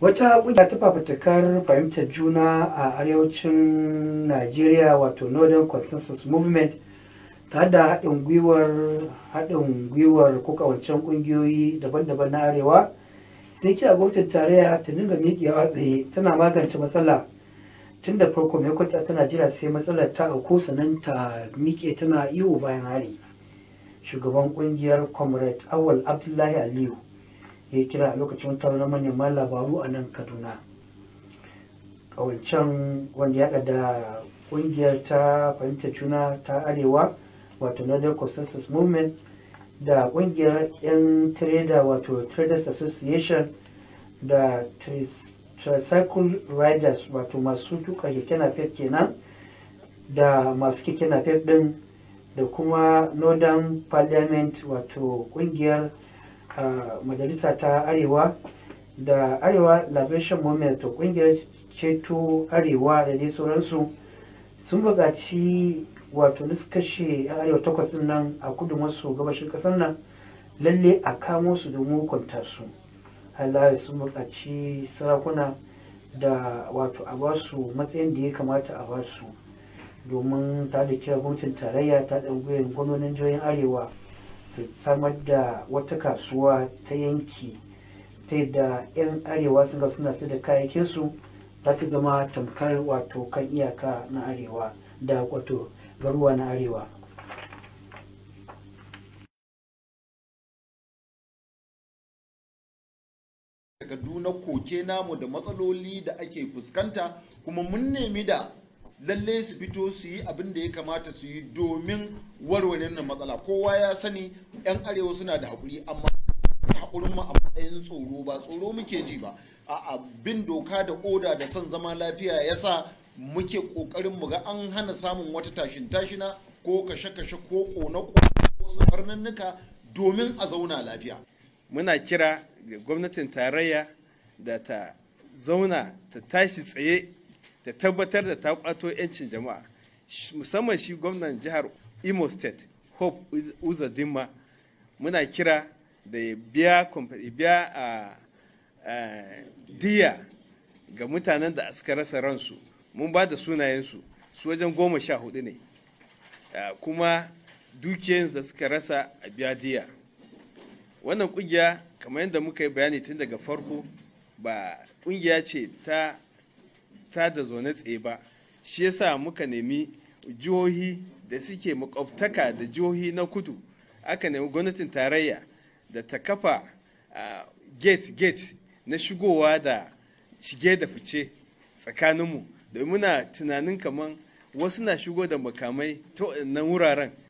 wata kungiya ta fafatakar fahimtar juna a arewacin najeriya wato northern consensus movement ta da haɗin gwiwar haɗin gwiwar ko kawancen ƙungiyoyi daban-daban na arewa sai kira gwamnatin tarayya ta dinga miƙewa tsaye tana magance matsala tun da farko mai kwanta tana jira sai matsalar ta auku sannan ta miƙe tana iyo bayan hari shugaban ƙungiyar comrade awal abdullahi aliyu ya kira a lokacin wani na ma labaru a nan kaduna ƙawancen wanda ya da kungiyar ta fahimtar juna ta arewa wato northern consensus movement da kungiyar 'yan trader wato traders association da tricycle riders wato masu tuka keke napep kenan da masu keke napep din da kuma northern parliament wato ƙungiyar A majalisa ta arewa da arewa liberation movement to kungiyar ceto arewa da dai sauransu sun buƙaci wato da suka kashe arewa takwas din nan a kudu maso gabashin ƙasar nan lalle a kamo su da mukunta su halaye sun buƙaci sarakuna da wato a ba su matsayin da ya kamata a ba su domin ta da kira gwamnatin tarayya ta ɗan gwamnonin jihohin arewa ta samar da wata kasuwa ta yanki ta yadda 'yan arewa sun suna su da kayakinsu za ta zama tamkar wato kan iyaka na arewa da wato garuwa na arewa kaduna na koke namu da matsaloli da ake fuskanta kuma mun nemi da lalle su fito su yi abin da ya kamata su yi domin warware nan matsala kowa ya sani yan arewa suna da hakuri. amma haƙurin mu a matsayin tsoro ba tsoro muke ji ba a abin doka da oda da son zama lafiya ya sa muke ƙoƙarin mu ga an hana samun wata tashin tashina ko kashe-kashe ko ƙone ko safarninnika domin a zauna lafiya muna kira ga gwamnatin tarayya da ta zauna ta tashi tsaye Da tabbatar da ta kwato 'yancin jama'a musamman shi gwamnan jihar imo state hope uzodinma muna kira da ya biya a diya ga mutanen da suka rasa ransu mun ba da sunayensu su wajen goma sha hudu ne kuma dukiyansu da suka rasa a biya diya wannan kungiya kamar yadda muka yi bayani tun daga farko ba kungiya ce ta da zaune tse ba shi yasa muka nemi jihohi da suke makwabtaka da jihohi na kudu aka nemi gwamnatin tarayya da ta kafa gate gate na shigowa da shige da fice tsakaninmu domin muna tunanin kaman wasu na shigo da makamai ta waɗannan wuraren